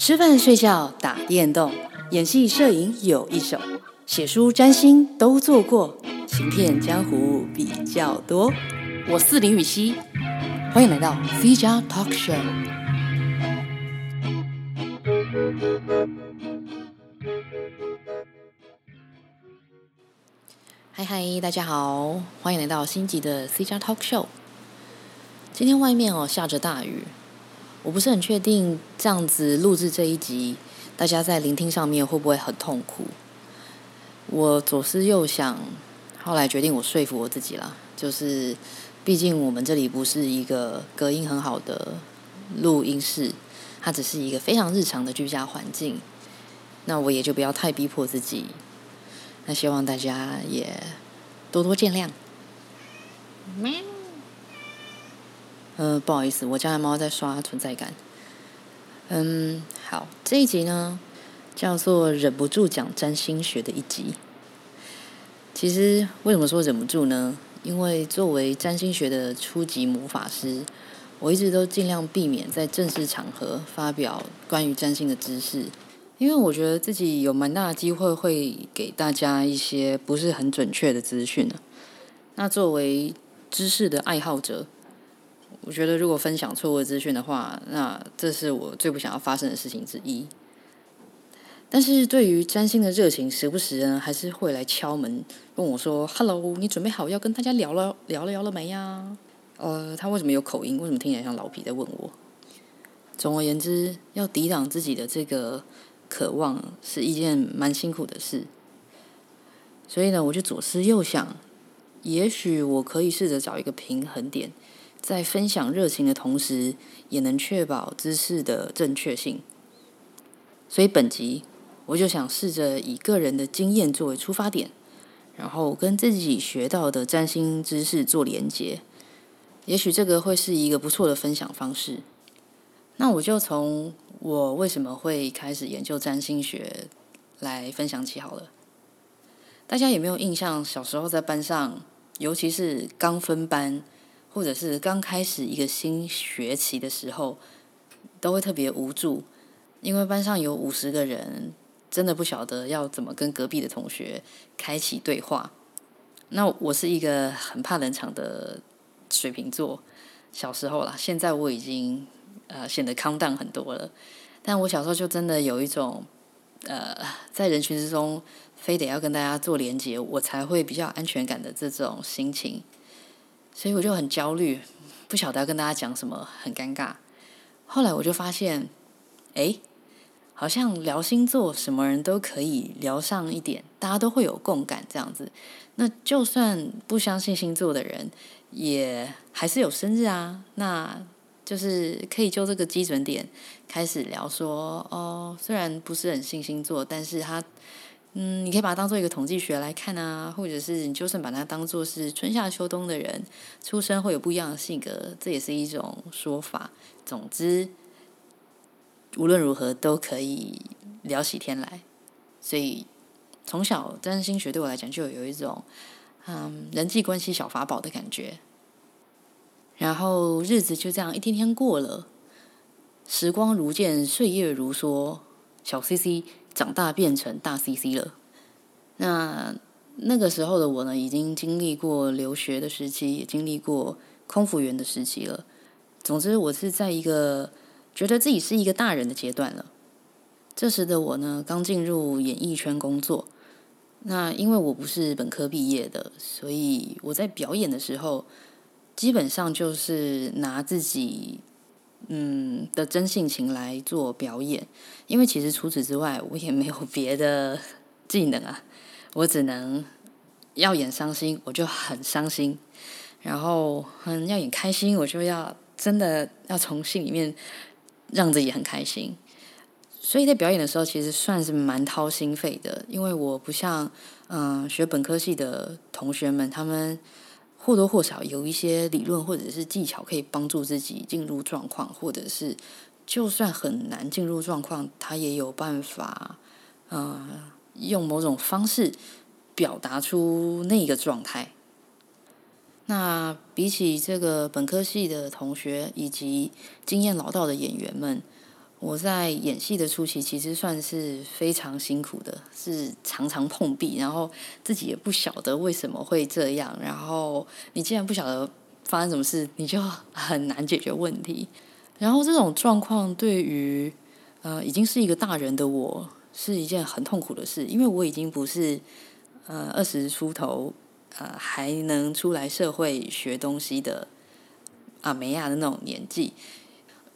吃飯、睡覺、打電動，演戲、攝影有一手，寫書、占星都做過，行騙江湖比較多。我是林雨熙，歡迎來到 C 加 Talk Show。嗨嗨，大家好，歡迎來到星級的 C 加 Talk Show。今天外面哦下着大雨。我不是很確定這樣子錄制這一集，大家在聆聽上面會不會很痛苦？我左思右想，後來決定，我說服我自己了，就是，畢竟我們這裡不是一個隔音很好的錄音室，它只是一個非常日常的居家環境，那我也就不要太逼迫自己，那希望大家也多多見諒。呃，不好意思，我家的貓在刷存在感。嗯，好，這一集呢，叫做忍不住講占星學的一集。其實為什麼說忍不住呢？因為作為占星學的初級魔法師，我一直都盡量避免在正式場合發表關於占星的知識，因為我覺得自己有蠻大的機會會給大家一些不是很準確的資訊。那作為知識的愛好者。我覺得，如果分享錯誤資訊的話，那這是我最不想要發生的事情之一。但是，對於占星的熱情，時不時呢還是會來敲門，問我說：“Hello，你準備好要跟大家聊了聊了聊了沒呀？”呃，他為什麼有口音？為什麼聽起來像老皮在問我？總而言之，要抵擋自己的這個渴望是一件蠻辛苦的事。所以呢，我就左思右想，也許我可以試着找一個平衡點。在分享熱情的同時，也能確保知識的正確性。所以本集我就想試着以個人的經驗作為出發點，然後跟自己學到的占星知識做連接，也許這個會是一個不錯的分享方式。那我就從我為什麼會開始研究占星學來分享起好了。大家有沒有印象？小時候在班上，尤其是剛分班。或者是剛開始一個新學期的時候，都會特別無助，因為班上有五十個人，真的不曉得要怎麼跟隔壁的同學開啟對話。那我是一個很怕冷場的水瓶座，小時候啦，現在我已經呃顯得康蕩很多了，但我小時候就真的有一種呃在人群之中非得要跟大家做連接，我才會比較安全感的這種心情。所以我就很焦慮，不曉得要跟大家講什麼，很尷尬。後來我就發現，誒，好像聊星座，什麼人都可以聊上一點，大家都會有共感這樣子。那就算不相信星座的人，也還是有生日啊。那就是可以就這個基準點開始聊說，哦，雖然不是很信星座，但是他。嗯，你可以把它當做一個統計學來看啊，或者是你就算把它當作是春夏秋冬的人出生會有不一樣的性格，這也是一種說法。總之，無論如何都可以聊起天來。所以從小占星學對我來講就有一種嗯人際關係小法寶的感覺。然後日子就這樣一天天過了，時光如箭，歲月如梭。小 C C。長大變成大 CC 了，那那個時候的我呢，已經經歷過留學的時期，也經歷過空服員的時期了。總之，我是在一個覺得自己是一個大人的階段了。這時的我呢，剛進入演藝圈工作。那因為我不是本科畢業的，所以我在表演的時候，基本上就是拿自己。嗯的真性情來做表演，因為其實除此之外我也沒有別的技能啊，我只能要演傷心我就很傷心，然後、嗯、要演開心我就要真的要從心裡面讓自己很開心，所以在表演的時候其實算是蠻掏心肺的，因為我不像嗯、呃、學本科系的同學們他們。或多或少有一些理論或者是技巧可以幫助自己進入狀況，或者是就算很難進入狀況，他也有辦法，嗯、呃、用某種方式表達出那個狀態。那比起這個本科系的同學以及經驗老道的演員們。我在演戲的初期，其實算是非常辛苦的，是常常碰壁，然後自己也不曉得為什麼會這樣。然後你既然不曉得發生什麼事，你就很難解決問題。然後這種狀況對於呃已經是一個大人的我，是一件很痛苦的事，因為我已經不是呃二十出頭呃還能出來社會學東西的阿梅亞的那種年紀。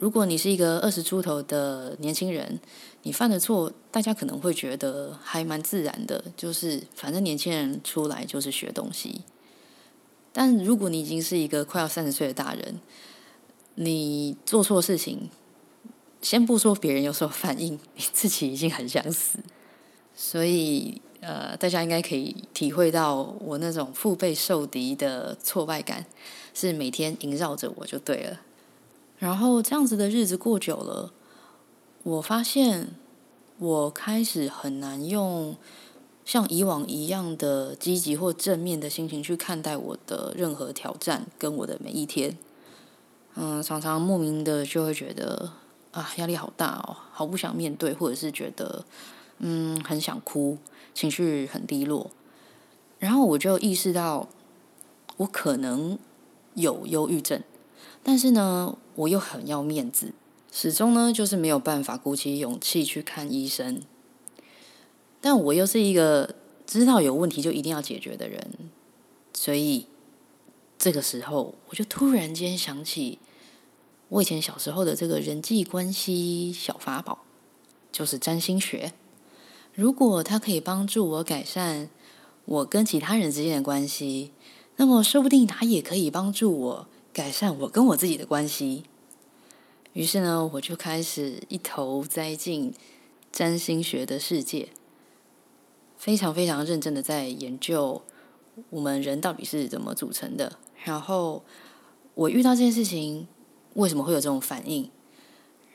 如果你是一個二十出頭的年輕人，你犯的錯，大家可能會覺得還蠻自然的，就是反正年輕人出來就是學東西。但如果你已經是一個快要三十歲的大人，你做錯事情，先不說別人有什麼反應，你自己已經很想死。所以呃，大家應該可以體會到我那種腹背受敵的挫敗感，是每天縈繞着我就對了。然後這樣子的日子過久了，我發現我開始很難用像以往一樣的積極或正面的心情去看待我的任何挑戰跟我的每一天。嗯，常常莫名的就會覺得啊，壓力好大哦，好不想面對，或者是覺得嗯，很想哭，情緒很低落。然後我就意識到我可能有憂鬱症，但是呢。我又很要面子，始終呢就是沒有辦法鼓起勇氣去看醫生。但我又是一個知道有問題就一定要解決的人，所以這個時候我就突然間想起，我以前小時候的這個人際關係小法寶，就是占星學。如果它可以幫助我改善我跟其他人之間的關係，那麼說不定它也可以幫助我改善我跟我自己的關係，於是呢，我就開始一頭栽進占星學的世界，非常非常認真的在研究我們人到底是怎麼組成的。然後我遇到這件事情，為什麼會有這種反應？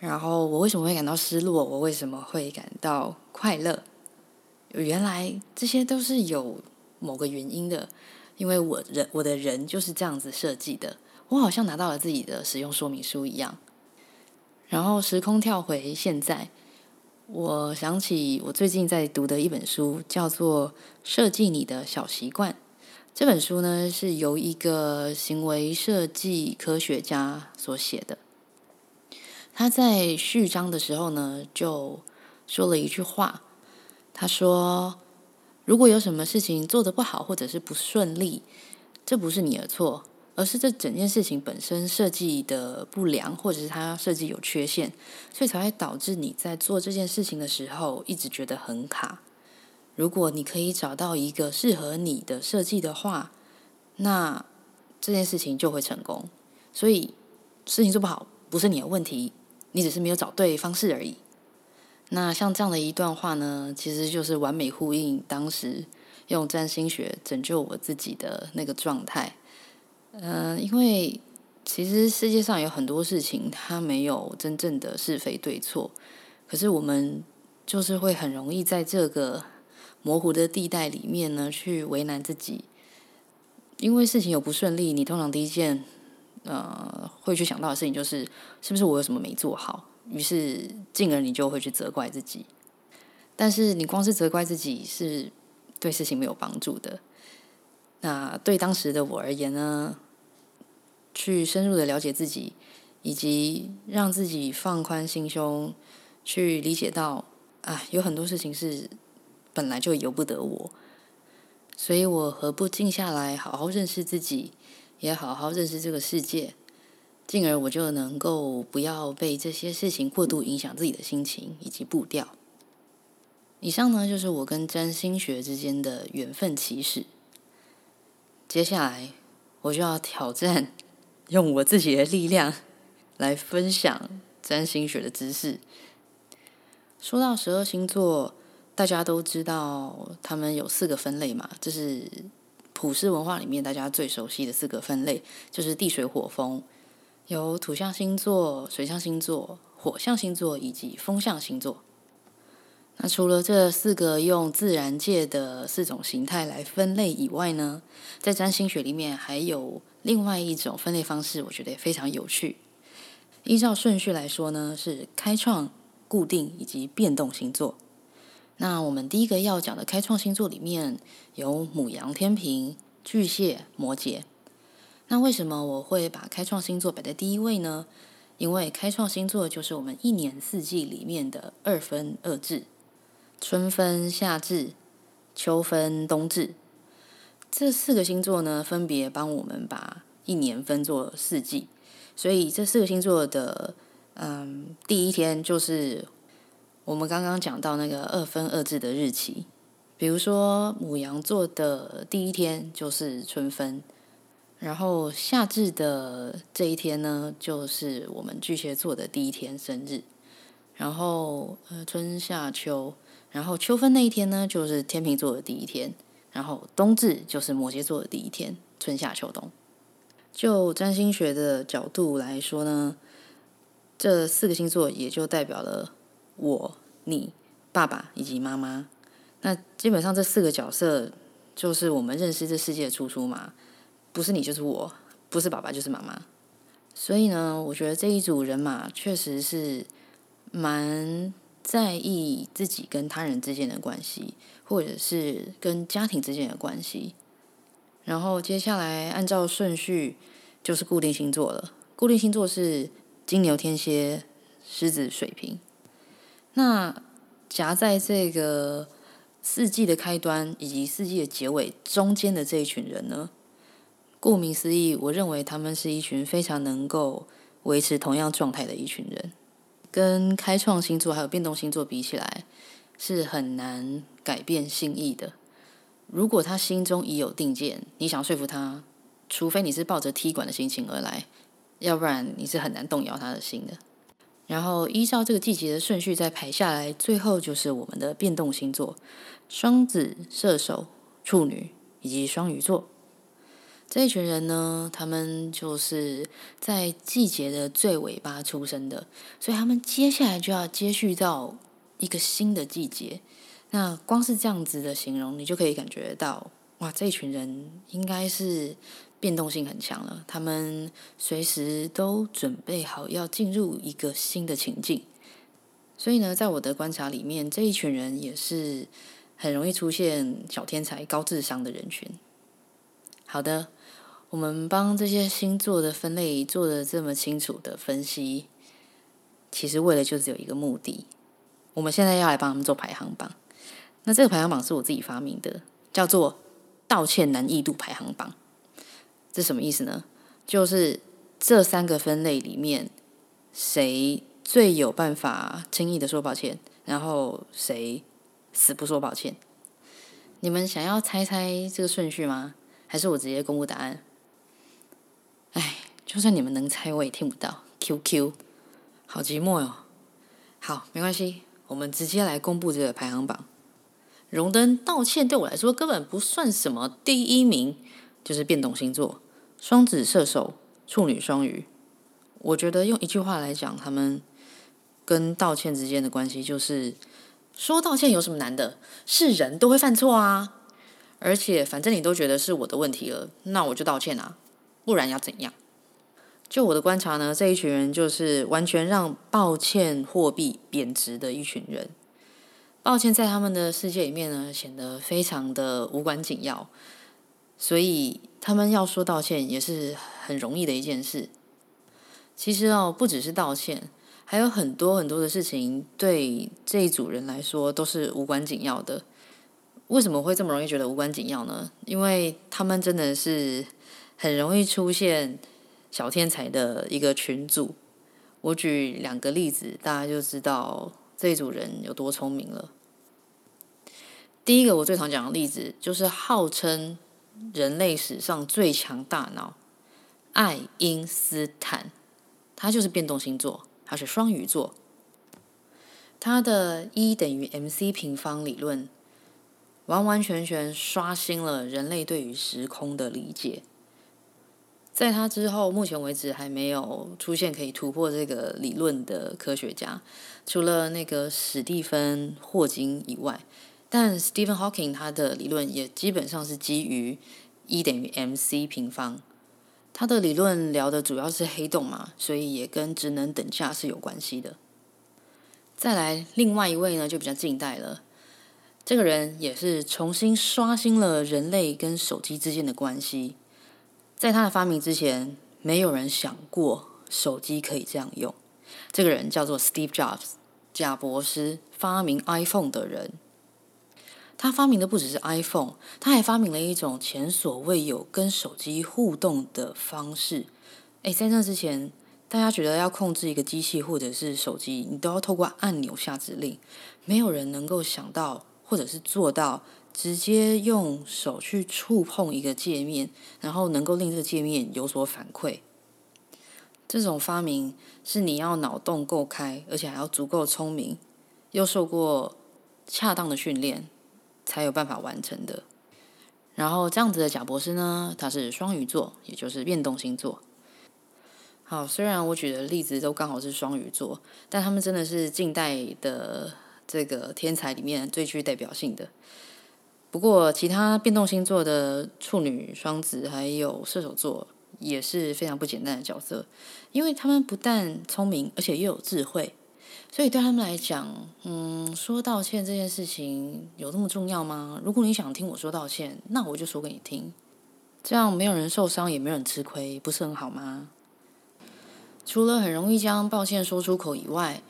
然後我為什麼會感到失落？我為什麼會感到快樂？原來這些都是有某個原因的，因為我人我的人就是這樣子設計的。我好像拿到了自己的使用說明書一樣，然後時空跳回現在，我想起我最近在讀的一本書，叫做《設計你的小習慣》。這本書呢是由一個行為設計科學家所寫的，他在序章的時候呢就說了一句話，他說：“如果有什麼事情做得不好或者是不順利，這不是你的錯。”而是這整件事情本身設計的不良，或者是它設計有缺陷，所以才會導致你在做這件事情的時候一直覺得很卡。如果你可以找到一個適合你的設計的話，那這件事情就會成功。所以事情做不好不是你的問題，你只是沒有找對方式而已。那像這樣的一段話呢，其實就是完美呼應當時用占星學拯救我自己的那個狀態。嗯、呃，因為其實世界上有很多事情，它沒有真正的是非對錯，可是我們就是會很容易在這個模糊的地帶裡面呢，去為難自己。因為事情有不順利，你通常第一件，呃，會去想到的事情就是，是不是我有什麼沒做好？於是進而你就會去責怪自己。但是你光是責怪自己，是對事情沒有幫助的。那對當時的我而言呢，去深入的了解自己，以及讓自己放寬心胸，去理解到啊，有很多事情是本來就由不得我，所以我何不靜下來，好好認識自己，也好好認識這個世界，進而我就能夠不要被這些事情過度影響自己的心情以及步調。以上呢，就是我跟占星學之間的緣分起始，接下來我就要挑戰。用我自己的力量來分享占星學的知識。說到十二星座，大家都知道他們有四個分類嘛，這是普世文化裡面大家最熟悉的四個分類，就是地水火風，有土象星座、水象星座、火象星座以及風象星座。那除了這四個用自然界的四種形態來分類以外呢，在占星學裡面還有。另外一種分類方式，我覺得也非常有趣。依照順序來說呢，是開創、固定以及變動星座。那我們第一個要講的開創星座裡面有牡羊、天秤、巨蟹、摩羯。那為什麼我會把開創星座擺在第一位呢？因為開創星座就是我們一年四季裡面的二分二至：春分、夏至、秋分、冬至。這四個星座呢，分別幫我們把一年分作四季，所以這四個星座的，嗯，第一天就是我們剛剛講到那個二分二至的日期，比如說牡羊座的第一天就是春分，然後夏至的這一天呢，就是我們巨蟹座的第一天生日，然後呃，春夏秋，然後秋分那一天呢，就是天秤座的第一天。然後冬至就是摩羯座的第一天，春夏秋冬。就占星學的角度來說呢，這四個星座也就代表了我、你、爸爸以及媽媽。那基本上這四個角色就是我們認識這世界的出處嘛，不是你就是我，不是爸爸就是媽媽。所以呢，我覺得這一組人嘛，確實是蠻在意自己跟他人之間的關係。或者是跟家庭之間的關係，然後接下來按照順序就是固定星座了。固定星座是金牛、天蠍、獅子、水瓶。那夾在這個四季的開端以及四季的結尾中間的這一群人呢，顧名思義，我認為他們是一群非常能夠維持同樣狀態的一群人，跟開創星座還有變動星座比起來。是很難改變心意的。如果他心中已有定見，你想說服他，除非你是抱着踢館的心情而來，要不然你是很難動搖他的心的。然後依照這個季節的順序再排下來，最後就是我們的變動星座：雙子、射手、處女以及雙魚座。這一群人呢，他們就是在季節的最尾巴出生的，所以他們接下來就要接續到。一個新的季節，那光是這樣子的形容，你就可以感覺到，哇，這一群人應該是變動性很強了。他們隨時都準備好要進入一個新的情境，所以呢，在我的觀察裡面，這一群人也是很容易出現小天才、高智商的人群。好的，我們幫這些星座的分類做得這麼清楚的分析，其實為了就是有一個目的。我們現在要來幫他們做排行榜。那這個排行榜是我自己發明的，叫做“道歉難易度排行榜”。這什麼意思呢？就是這三個分類裡面，誰最有辦法輕易地說抱歉，然後誰死不說抱歉？你們想要猜猜這個順序嗎？還是我直接公布答案？唉，就算你們能猜，我也聽不到。QQ，好寂寞喲。好，沒關係。我們直接來公布這個排行榜。榮登道歉對我來說根本不算什麼，第一名就是變動星座：雙子、射手、處女、雙魚。我覺得用一句話來講，他們跟道歉之間的關係就是：說道歉有什麼難的？是人都會犯錯啊！而且反正你都覺得是我的問題了，那我就道歉啊，不然要怎樣？就我的觀察呢，這一群人就是完全讓抱歉貨幣貶值的一群人。抱歉在他們的世界裡面呢，顯得非常的無關緊要，所以他們要說道歉也是很容易的一件事。其實哦，不只是道歉，還有很多很多的事情對這一組人來說都是無關緊要的。為什麼會這麼容易覺得無關緊要呢？因為他們真的是很容易出現。小天才的一個群組，我舉兩個例子，大家就知道這組人有多聰明了。第一個我最常講的例子，就是號稱人類史上最強大腦愛因斯坦，他就是變動星座，他是雙魚座，他的一、e、等於 MC 平方理論，完完全全刷新了人類對於時空的理解。在他之後，目前為止還沒有出現可以突破這個理論的科學家，除了那個史蒂芬霍金以外。但史蒂芬霍金他的理論也基本上是基於一等於 m c 平方。他的理論聊的主要是黑洞嘛，所以也跟質能等價是有關係的。再來，另外一位呢，就比較近代了，這個人也是重新刷新了人類跟手機之間的關係。在他的發明之前，沒有人想過手機可以這樣用。這個人叫做 Steve Jobs，賈伯斯，發明 iPhone 的人。他發明的不只是 iPhone，他還發明了一種前所未有跟手機互動的方式。誒，在那之前，大家覺得要控制一個機器或者是手機，你都要透過按鈕下指令。沒有人能夠想到，或者是做到。直接用手去觸碰一個界面，然後能夠令這個界面有所反饋。這種發明是你要腦洞夠開，而且還要足夠聰明，又受過恰當的訓練，才有辦法完成的。然後這樣子的賈博士呢，他是雙魚座，也就是變動星座。好，雖然我舉的例子都剛好是雙魚座，但他們真的是近代的這個天才裡面最具代表性的。不過，其他變動星座的處女、雙子還有射手座也是非常不簡單的角色，因為他們不但聰明，而且又有智慧。所以對他們來講，嗯，說道歉這件事情有那麼重要嗎？如果你想聽我說道歉，那我就說給你聽，這樣沒有人受傷，也沒有人吃虧，不是很好嗎？除了很容易將抱歉說出口以外，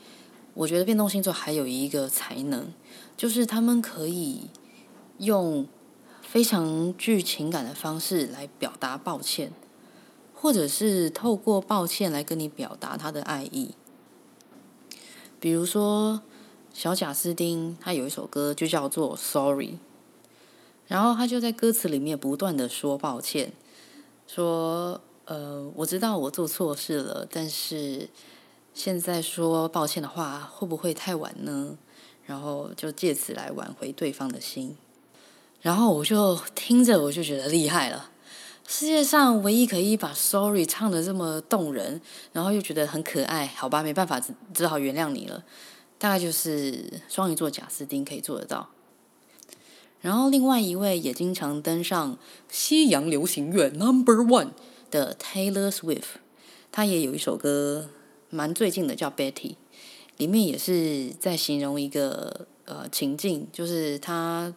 我覺得變動星座還有一個才能，就是他們可以。用非常具情感的方式來表達抱歉，或者是透過抱歉來跟你表達他的愛意。比如說，小賈斯汀他有一首歌就叫做《Sorry》，然後他就在歌詞裡面不斷的說抱歉，說呃我知道我做錯事了，但是現在說抱歉的話會不會太晚呢？然後就借此來挽回對方的心。然後我就聽着，我就覺得厲害了。世界上唯一可以把《Sorry》唱得這麼動人，然後又覺得很可愛，好吧，沒辦法只，只只好原諒你了。大概就是雙魚座賈斯汀可以做得到。然後另外一位也經常登上《西洋流行樂 Number One》的 Taylor Swift，他也有一首歌蠻最近的，叫《Betty》，裡面也是在形容一個呃情境，就是他。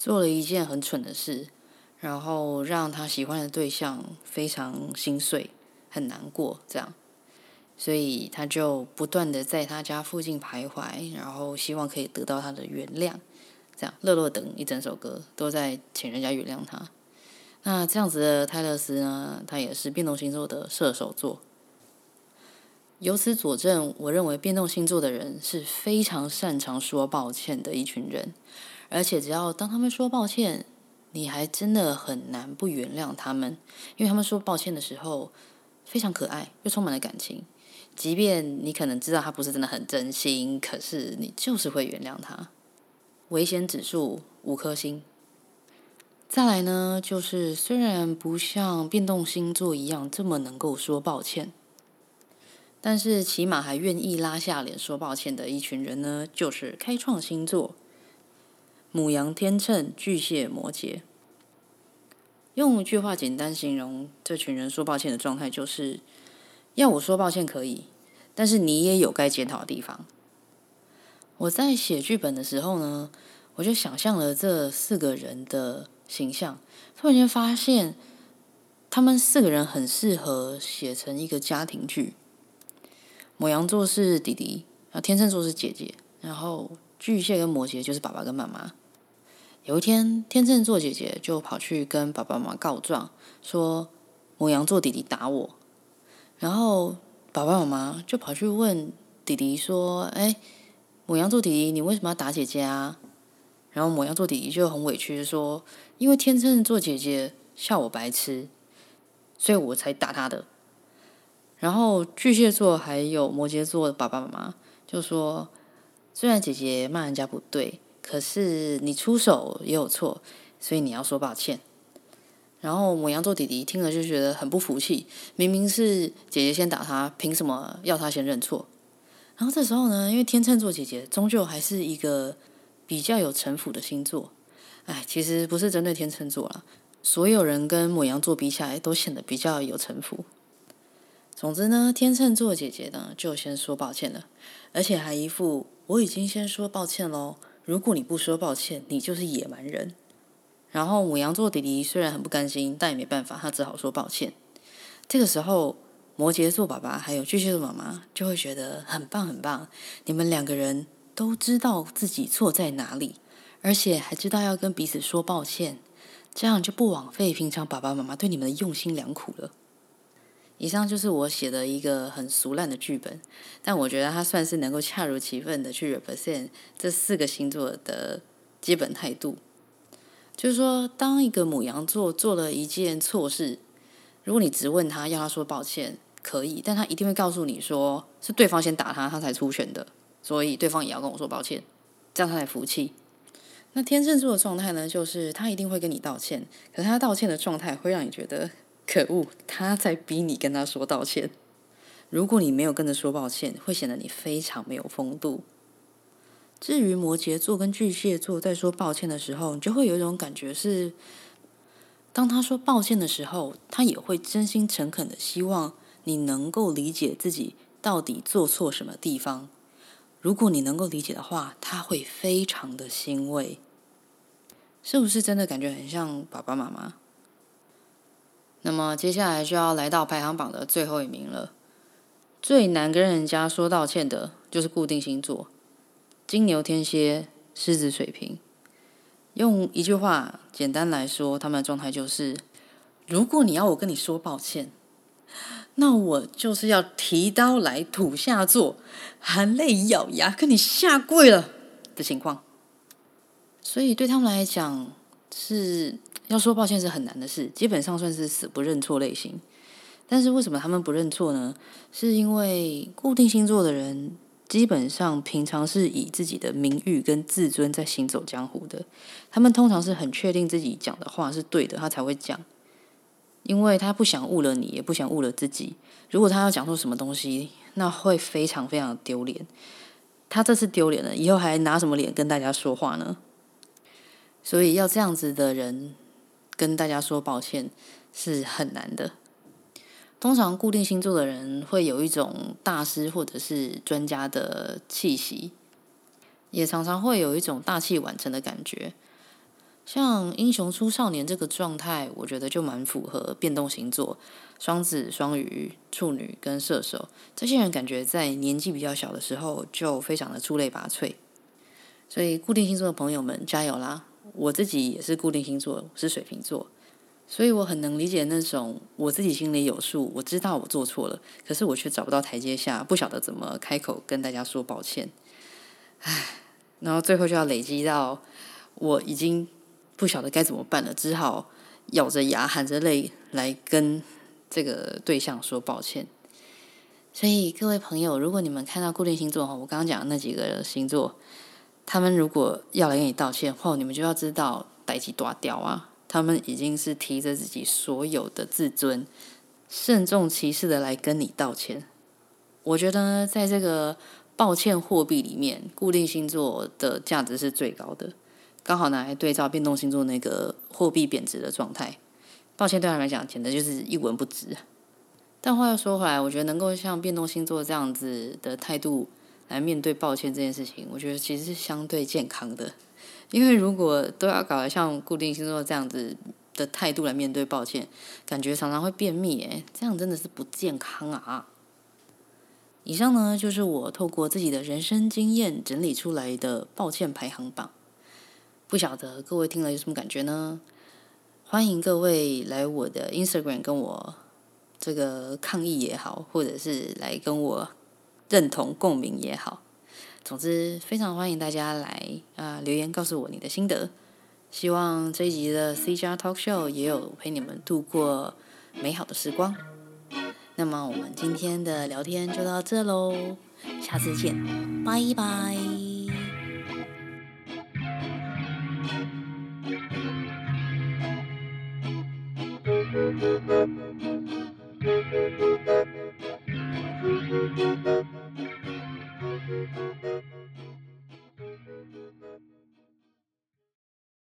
做了一件很蠢的事，然後讓他喜歡的對象非常心碎，很難過，這樣，所以他就不斷地在他家附近徘徊，然後希望可以得到他的原諒，這樣，樂樂等一整首歌都在請人家原諒他。那這樣子的泰勒斯呢，他也是變動星座的射手座，由此佐證，我認為變動星座的人是非常擅長說抱歉的一群人。而且，只要當他們說抱歉，你還真的很難不原諒他們，因為他們說抱歉的時候非常可愛，又充滿了感情。即便你可能知道他不是真的很真心，可是你就是會原諒他。危險指數五顆星。再來呢，就是雖然不像變動星座一樣這麼能夠說抱歉，但是起碼還願意拉下臉說抱歉的一群人呢，就是開創星座。牡羊、天秤、巨蟹、摩羯，用一句話簡單形容這群人說抱歉的狀態，就是要我說抱歉可以，但是你也有該檢討的地方。我在寫劇本的時候呢，我就想象了這四個人的形象，突然間發現他們四個人很適合寫成一個家庭劇。牡羊座是弟弟，然後天秤座是姐姐，然後巨蟹跟摩羯就是爸爸跟媽媽。有一天天秤座姐姐就跑去跟爸爸媽媽告狀，說牡羊座弟弟打我，然後爸爸媽媽就跑去問弟弟說：“哎，牡羊座弟弟，你為什麼要打姐姐啊？”然後牡羊座弟弟就很委屈說：“因為天秤座姐姐笑我白痴，所以我才打他的。”然後巨蟹座還有摩羯座的爸爸媽媽就說：“雖然姐姐罵人家不對。”可是你出手也有錯，所以你要說抱歉。然後牡羊座弟弟聽了就覺得很不服氣，明明是姐姐先打他，憑什麼要他先認錯？然後這時候呢，因為天秤座姐姐終究還是一個比較有城府的星座，哎，其實不是針對天秤座啦，所有人跟牡羊座比起來都顯得比較有城府。總之呢，天秤座姐姐呢就先說抱歉了，而且還一副我已經先說抱歉嘍。如果你不說抱歉，你就是野蠻人。然後牡羊座弟弟雖然很不甘心，但也沒辦法，他只好說抱歉。這個時候，摩羯座爸爸還有巨蟹座媽媽就會覺得很棒很棒。你們兩個人都知道自己錯在哪裡，而且還知道要跟彼此說抱歉，這樣就不枉費平常爸爸媽媽對你們的用心良苦了。以上就是我寫的一個很俗爛的劇本，但我覺得他算是能夠恰如其分的去 represent 這四個星座的基本態度。就是說，當一個牡羊座做了一件錯事，如果你只問他要他說抱歉，可以，但他一定會告訴你說，是對方先打他，他才出拳的，所以對方也要跟我說抱歉，這樣他才服氣。那天秤座的狀態呢，就是他一定會跟你道歉，可是他道歉的狀態會讓你覺得。可惡，他在逼你跟他說道歉。如果你沒有跟着說抱歉，會顯得你非常沒有風度。至於摩羯座跟巨蟹座在說抱歉的時候，你就會有一種感覺是：當他說抱歉的時候，他也會真心誠懇地希望你能夠理解自己到底做錯什麼地方。如果你能夠理解的話，他會非常的欣慰。是不是真的感覺很像爸爸媽媽？那麼接下來就要來到排行榜的最後一名了。最難跟人家說道歉的，就是固定星座：金牛、天蠍、獅子、水瓶。用一句話簡單來說，他們的狀態就是：如果你要我跟你說抱歉，那我就是要提刀來土下座，含淚咬牙跟你下跪了的情況。所以對他們來講是，要說抱歉是很難的事，基本上算是死不認錯類型。但是為什麼他們不認錯呢？是因為固定星座的人，基本上平常是以自己的名譽跟自尊在行走江湖的。他們通常是很確定自己講的話是對的，他才會講，因為他不想誤了你，也不想誤了自己。如果他要講錯什麼東西，那會非常非常丟臉。他這次丟臉了，以後還拿什麼臉跟大家說話呢？所以要這樣子的人。跟大家說抱歉是很難的。通常固定星座的人會有一種大師或者是專家的氣息，也常常會有一種大器晚成的感覺。像英雄出少年這個狀態，我覺得就蠻符合變動星座，雙子、雙魚、處女跟射手這些人，感覺在年紀比較小的時候就非常的出類拔萃。所以固定星座的朋友們，加油啦！我自己也是固定星座，我是水瓶座，所以我很能理解那種我自己心裡有數，我知道我做錯了，可是我卻找不到台階下，不曉得怎麼開口跟大家說抱歉。唉，然後最後就要累積到我已經不曉得該怎麼辦了，只好咬着牙、含着淚來跟這個對象說抱歉。所以各位朋友，如果你們看到固定星座，我剛剛講的那幾個星座。他們如果要來跟你道歉，嚯、哦，你們就要知道代誌大條啊！他們已經是提着自己所有的自尊，慎重其事的來跟你道歉。我覺得在這個抱歉貨幣裡面，固定星座的價值是最高的，剛好拿來對照變動星座那個貨幣貶值的狀態。抱歉對他們來講，簡直就是一文不值。但話又說回來，我覺得能夠像變動星座這樣子的態度。來面對抱歉這件事情，我覺得其實是相對健康的，因為如果都要搞得像固定星座這樣子的態度來面對抱歉，感覺常常會便秘哎，這樣真的是不健康啊。以上呢就是我透過自己的人生經驗整理出來的抱歉排行榜，不曉得各位聽了有什麼感覺呢？歡迎各位來我的 Instagram 跟我這個抗議也好，或者是來跟我。認同共鳴也好，總之非常歡迎大家來啊、呃、留言告訴我你的心得。希望這一集的 C 加 Talk Show 也有陪你們度過美好的時光。那麼我們今天的聊天就到這嘍，下次見，拜拜。